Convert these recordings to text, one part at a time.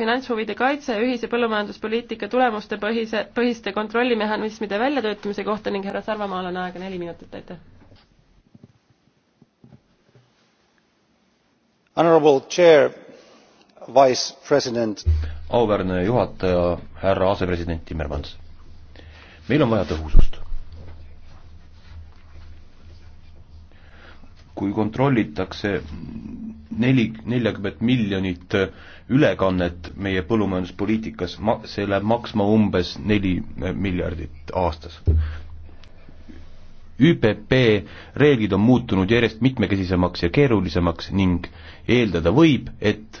finantshuvide kaitse ühise põllumajanduspoliitika tulemuste põhise, põhiste kontrollimehhanismide väljatöötamise kohta ning härra Sarvamaal on aega neli minutit, aitäh. auväärne juhataja, härra asepresident Timmermans. meil on vaja tõhusust. kui kontrollitakse neli, neljakümmet miljonit äh, ülekannet meie põllumajanduspoliitikas, ma-, see läheb maksma umbes neli äh, miljardit aastas. ÜPP reeglid on muutunud järjest mitmekesisemaks ja keerulisemaks ning eeldada võib, et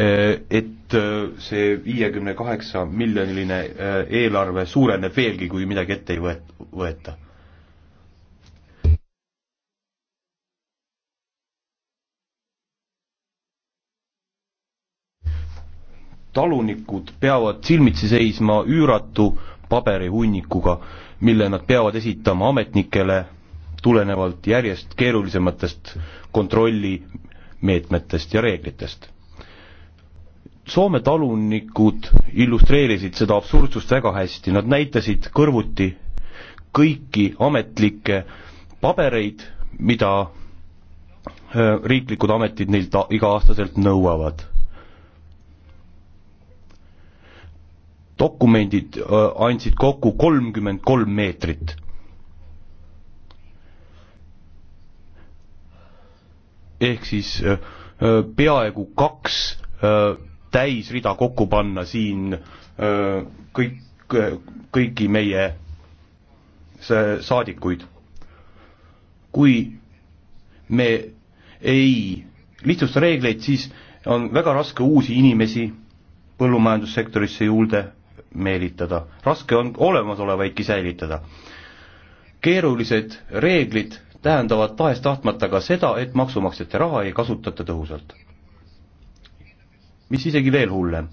äh, et see viiekümne kaheksa miljoniline eelarve suureneb veelgi, kui midagi ette ei võet-, võeta talunikud peavad silmitsi seisma üüratu paberihunnikuga, mille nad peavad esitama ametnikele tulenevalt järjest keerulisematest kontrollimeetmetest ja reeglitest. Soome talunikud illustreerisid seda absurdsust väga hästi, nad näitasid kõrvuti kõiki ametlikke pabereid, mida äh, riiklikud ametid neilt iga-aastaselt nõuavad dokumendid äh, andsid kokku kolmkümmend kolm meetrit. ehk siis äh, äh, peaaegu kaks täisrida kokku panna siin kõik, kõiki meie saadikuid. kui me ei lihtsusta reegleid, siis on väga raske uusi inimesi põllumajandussektorisse juurde meelitada, raske on olemasolevaidki säilitada. keerulised reeglid tähendavad tahes-tahtmata ka seda, et maksumaksjate raha ei kasutata tõhusalt. mis isegi veel hullem,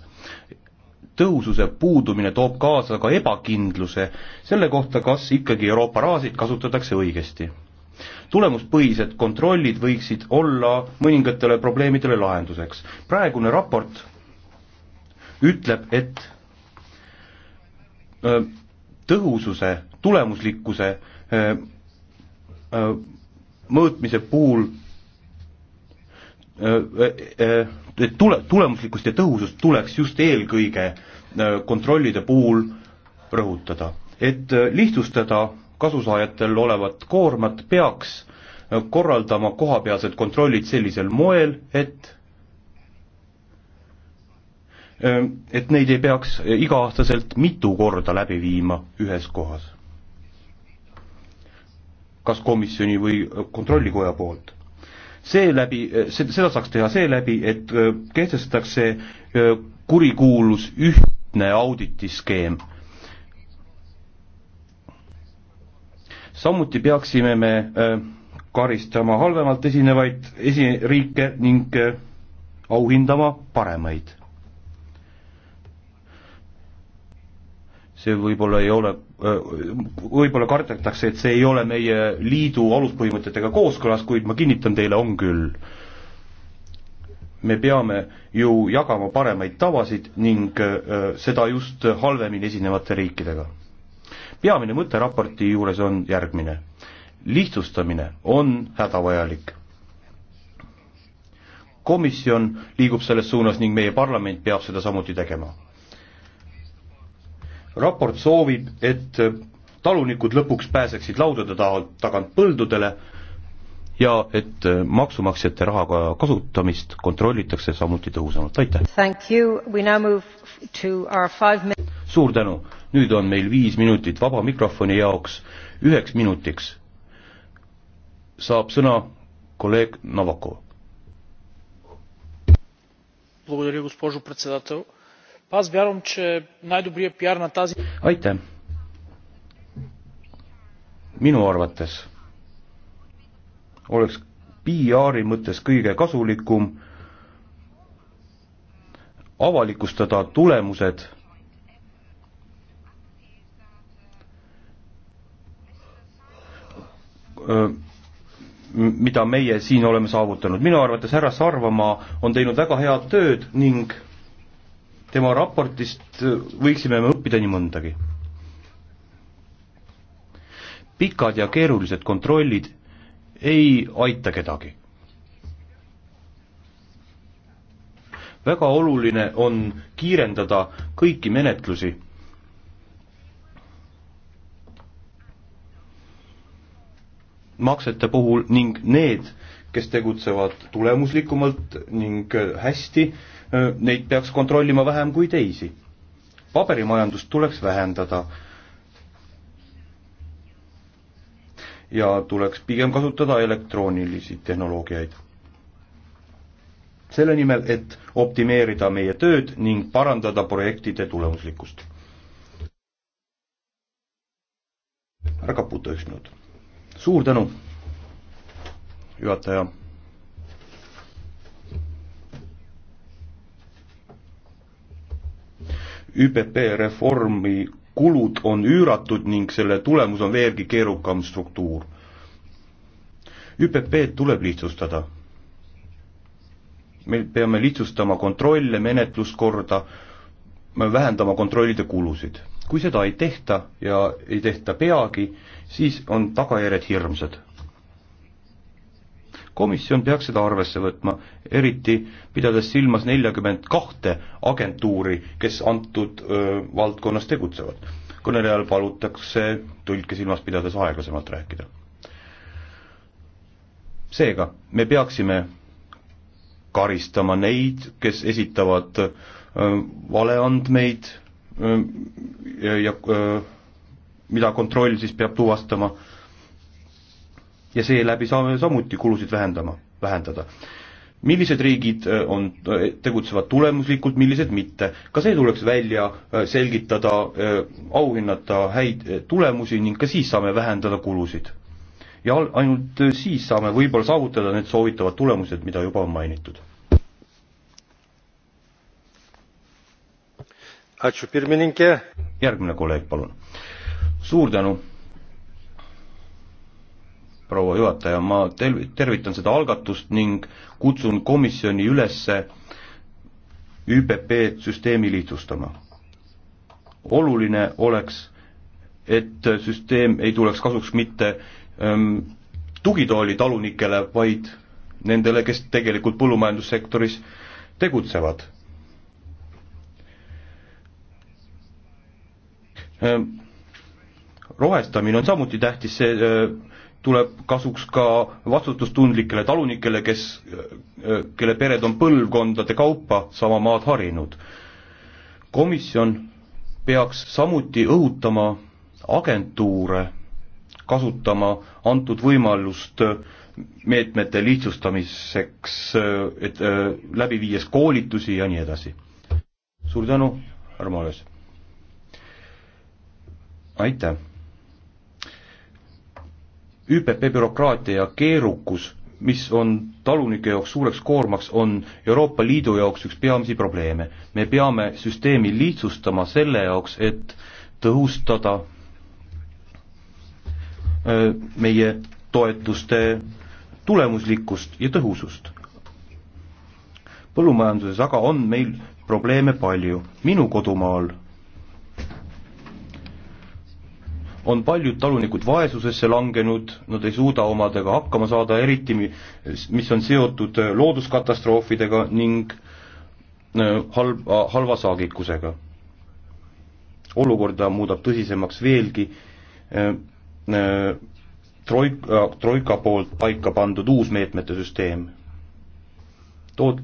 tõhususe puudumine toob kaasa ka ebakindluse selle kohta, kas ikkagi Euroopa rahasid kasutatakse õigesti. tulemuspõhised kontrollid võiksid olla mõningatele probleemidele lahenduseks. praegune raport ütleb, et tõhususe, tulemuslikkuse mõõtmise puhul tule, tulemuslikkust ja tõhusust tuleks just eelkõige kontrollide puhul rõhutada. et lihtsustada kasusaajatel olevat koormat, peaks korraldama kohapealsed kontrollid sellisel moel, et et neid ei peaks iga-aastaselt mitu korda läbi viima ühes kohas. kas komisjoni või kontrollikoja poolt. seeläbi, seda saaks teha seeläbi, et kehtestatakse kurikuulus ühtne auditiskeem. samuti peaksime me karistama halvemalt esinevaid esi-, riike ning auhindama paremaid see võib-olla ei ole, võib-olla kardetakse, et see ei ole meie liidu aluspõhimõtetega kooskõlas, kuid ma kinnitan teile, on küll. me peame ju jagama paremaid tavasid ning äh, seda just halvemini esinevate riikidega. peamine mõte raporti juures on järgmine. lihtsustamine on hädavajalik komisjon liigub selles suunas ning meie parlament peab seda samuti tegema raport soovib, et talunikud lõpuks pääseksid laudade taha, tagant põldudele ja et maksumaksjate rahaga kasutamist kontrollitakse samuti tõhusamalt, aitäh! suur tänu, nüüd on meil viis minutit vaba mikrofoni jaoks, üheks minutiks saab sõna kolleeg Novakov. Благодаря, госпожо председател aitäh! minu arvates oleks PR-i mõttes kõige kasulikum avalikustada tulemused mida meie siin oleme saavutanud. minu arvates härra Sarvamaa on teinud väga head tööd ning tema raportist võiksime me õppida nii mõndagi. pikad ja keerulised kontrollid ei aita kedagi. väga oluline on kiirendada kõiki menetlusi maksete puhul ning need, kes tegutsevad tulemuslikumalt ning äh, hästi, äh, neid peaks kontrollima vähem kui teisi. paberimajandust tuleks vähendada ja tuleks pigem kasutada elektroonilisi tehnoloogiaid. selle nimel, et optimeerida meie tööd ning parandada projektide tulemuslikkust. härra Kaputa, üks minut. suur tänu! juhataja. ÜPP reformi kulud on üüratud ning selle tulemus on veelgi keerukam struktuur. ÜPP-d tuleb lihtsustada. me peame lihtsustama kontrolle, menetluskorda, vähendama kontrollide kulusid. kui seda ei tehta ja ei tehta peagi, siis on tagajärjed hirmsad komisjon peaks seda arvesse võtma, eriti pidades silmas neljakümmend kahte agentuuri, kes antud öö, valdkonnas tegutsevad. kõnelejal palutakse tõlke silmas pidades aeglasemalt rääkida. seega, me peaksime karistama neid, kes esitavad öö, valeandmeid öö, ja öö, mida kontroll siis peab tuvastama öö, ja seeläbi saame samuti kulusid vähendama, vähendada. millised riigid äh, on, äh, tegutsevad tulemuslikult, millised mitte. ka see tuleks välja äh, selgitada, auhinnata häid tulemusi ning ka siis saame vähendada kulusid. ja ainult siis saame võib-olla saavutada need soovitavad tulemused, mida juba on mainitud. järgmine kolleeg, palun. suur tänu proua juhataja, ma tel-, tervitan seda algatust ning kutsun komisjoni ülesse ÜPP süsteemi lihtsustama. oluline oleks, et süsteem ei tuleks kasuks mitte ähm, tugitoolitalunikele, vaid nendele, kes tegelikult põllumajandussektoris tegutsevad ähm, rohestamine on samuti tähtis, see äh, tuleb kasuks ka vastutustundlikele talunikele, kes, kelle pered on põlvkondade kaupa sama maad harinud. komisjon peaks samuti õhutama agentuure kasutama antud võimalust meetmete lihtsustamiseks, et äh, läbi viies koolitusi ja nii edasi. suur tänu, härra Maales! aitäh! ÜPP bürokraatia ja keerukus, mis on talunike jaoks suureks koormaks, on Euroopa Liidu jaoks üks peamisi probleeme. me peame süsteemi lihtsustama selle jaoks, et tõhustada äh, meie toetuste tulemuslikkust ja tõhusust. põllumajanduses aga on meil probleeme palju. minu kodumaal on paljud talunikud vaesusesse langenud, nad ei suuda omadega hakkama saada, eriti mis on seotud äh, looduskatastroofidega ning äh, halba, äh, halva saagikusega. olukorda muudab tõsisemaks veelgi troik-, troika poolt paika pandud uus meetmete süsteem. toot-,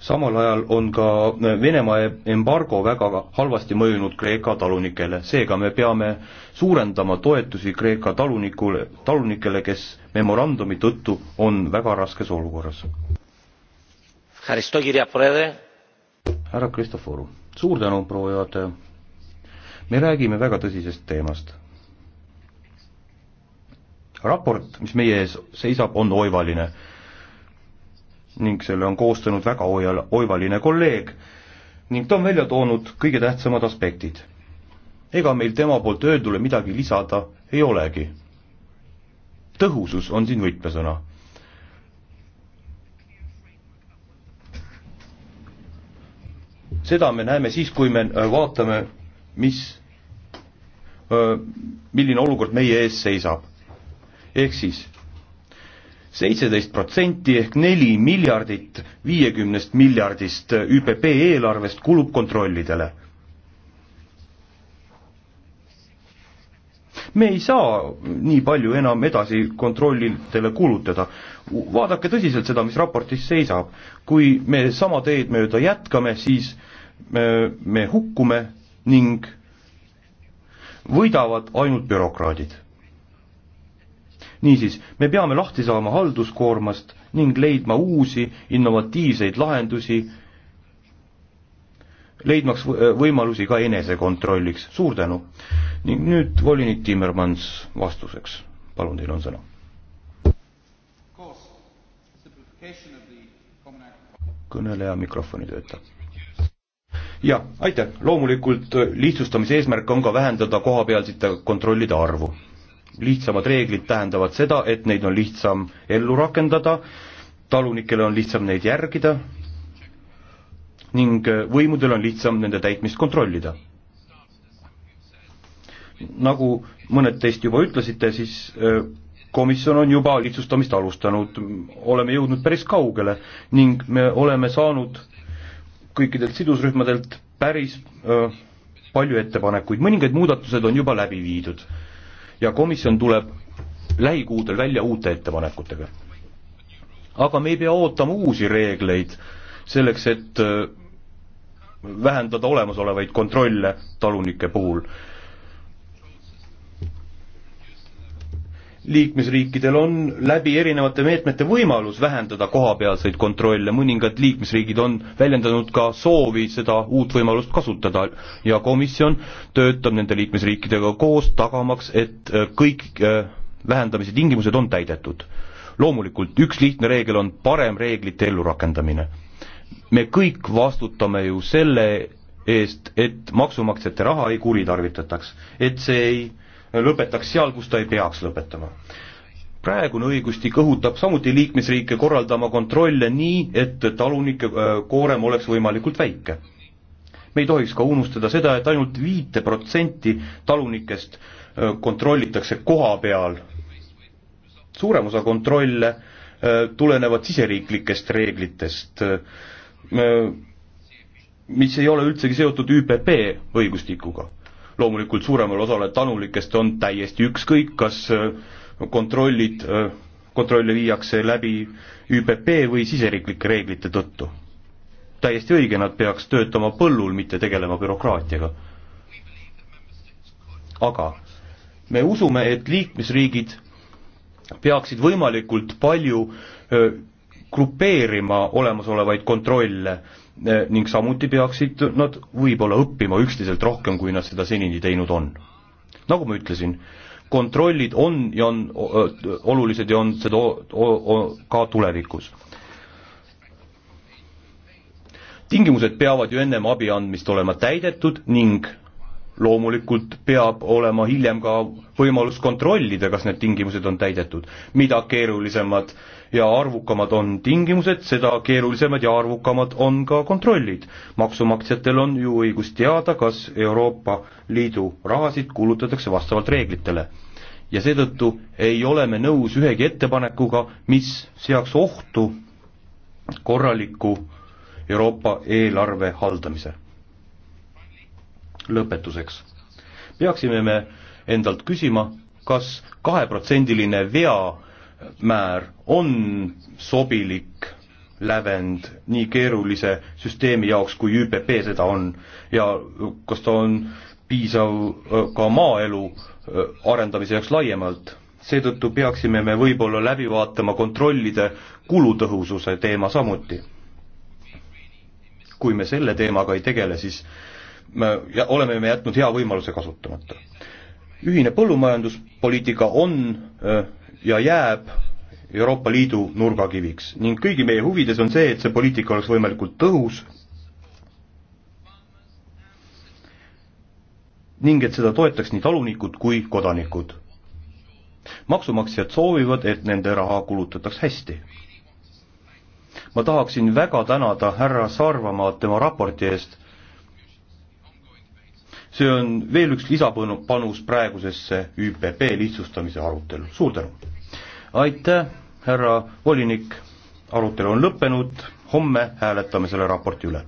samal ajal on ka äh, Venemaa embargo väga halvasti mõjunud Kreeka talunikele, seega me peame suurendama toetusi Kreeka talunikule, talunikele, kes memorandumi tõttu on väga raskes olukorras. härra Kristoforu, suur tänu, proua juhataja. me räägime väga tõsisest teemast. raport, mis meie ees seisab, on oivaline ning selle on koostanud väga oial-, oivaline kolleeg ning ta on välja toonud kõige tähtsamad aspektid. ega meil tema poolt öeldule midagi lisada ei olegi. tõhusus on siin võtmesõna. seda me näeme siis, kui me äh, vaatame, mis, äh, milline olukord meie ees seisab. ehk siis seitseteist protsenti ehk neli miljardit viiekümnest miljardist ÜPP eelarvest kulub kontrollidele. me ei saa nii palju enam edasi kontrollidele kulutada. vaadake tõsiselt seda, mis raportis seisab. kui me sama teed mööda jätkame, siis me, me hukkume ning võidavad ainult bürokraadid niisiis, me peame lahti saama halduskoormast ning leidma uusi innovatiivseid lahendusi, leidmaks võimalusi ka enesekontrolliks, suur tänu. ning nüüd volinik Timmermans vastuseks, palun, teil on sõna. kõneleja mikrofoni töötab jah, aitäh, loomulikult lihtsustamise eesmärk on ka vähendada kohapealsete kontrollide arvu lihtsamad reeglid tähendavad seda, et neid on lihtsam ellu rakendada, talunikel on lihtsam neid järgida ning äh, võimudel on lihtsam nende täitmist kontrollida. nagu mõned teist juba ütlesite, siis äh, komisjon on juba lihtsustamist alustanud, oleme jõudnud päris kaugele ning me oleme saanud kõikidelt sidusrühmadelt päris öö, äh, palju ettepanekuid, mõningaid muudatused on juba läbi viidud ja komisjon tuleb lähikuudel välja uute ettepanekutega. aga me ei pea ootama uusi reegleid selleks, et äh, vähendada olemasolevaid kontrolle talunike puhul liikmesriikidel on läbi erinevate meetmete võimalus vähendada kohapealseid kontrolle, mõningad liikmesriigid on väljendanud ka soovi seda uut võimalust kasutada ja komisjon töötab nende liikmesriikidega koos, tagamaks, et äh, kõik äh, vähendamise tingimused on täidetud. loomulikult, üks lihtne reegel on parem reeglite ellurakendamine. me kõik vastutame ju selle eest, et maksumaksjate raha ei kuritarvitataks, et see ei lõpetaks seal, kus ta ei peaks lõpetama. praegune õigustik õhutab samuti liikmesriike korraldama kontrolle nii, et talunike äh, koorem oleks võimalikult väike. me ei tohiks ka unustada seda, et ainult viite protsenti talunikest äh, kontrollitakse koha peal. suurem osa kontrolle äh, tulenevad siseriiklikest reeglitest, mis ei ole üldsegi seotud ÜPP õigustikuga loomulikult suuremale osale tanulikest on täiesti ükskõik, kas äh, kontrollid, äh, kontrolle viiakse läbi ÜPP või siseriiklike reeglite tõttu. täiesti õige, nad peaks töötama põllul, mitte tegelema bürokraatiaga. aga me usume, et liikmesriigid peaksid võimalikult palju äh, grupeerima olemasolevaid kontrolle Eh, ning samuti peaksid nad võib-olla õppima üksteiselt rohkem, kui nad seda senini teinud on. nagu ma ütlesin, kontrollid on ja on olulised ja on seda ka tulevikus. tingimused peavad ju ennem abi andmist olema täidetud ning loomulikult peab olema hiljem ka võimalus kontrollida, kas need tingimused on täidetud. mida keerulisemad ja arvukamad on tingimused, seda keerulisemad ja arvukamad on ka kontrollid. maksumaksjatel on ju õigus teada, kas Euroopa Liidu rahasid kulutatakse vastavalt reeglitele. ja seetõttu ei ole me nõus ühegi ettepanekuga, mis seaks ohtu korraliku Euroopa eelarve haldamise lõpetuseks peaksime me endalt küsima kas, kas kaheprotsendiline veamäär on sobilik lävend nii keerulise süsteemi jaoks, kui ÜPP seda on ja kas ta on piisav äh, ka maaelu äh, arendamise jaoks laiemalt. seetõttu peaksime me võib-olla läbi vaatama kontrollide kulutõhususe teema samuti. kui me selle teemaga ei tegele, siis äh, me oleme me jätnud hea võimaluse kasutamata. ühine põllumajanduspoliitika on ja jääb Euroopa Liidu nurgakiviks ning kõigi meie huvides on see, et see poliitika oleks võimalikult tõhus ning et seda toetaks nii talunikud kui kodanikud. maksumaksjad soovivad, et nende raha kulutataks hästi. ma tahaksin väga tänada härra Sarvamaad tema raporti eest, see on veel üks lisapanus praegusesse ÜPP lihtsustamise arutellu, suur tänu! aitäh, härra volinik, arutelu on lõppenud, homme hääletame selle raporti üle.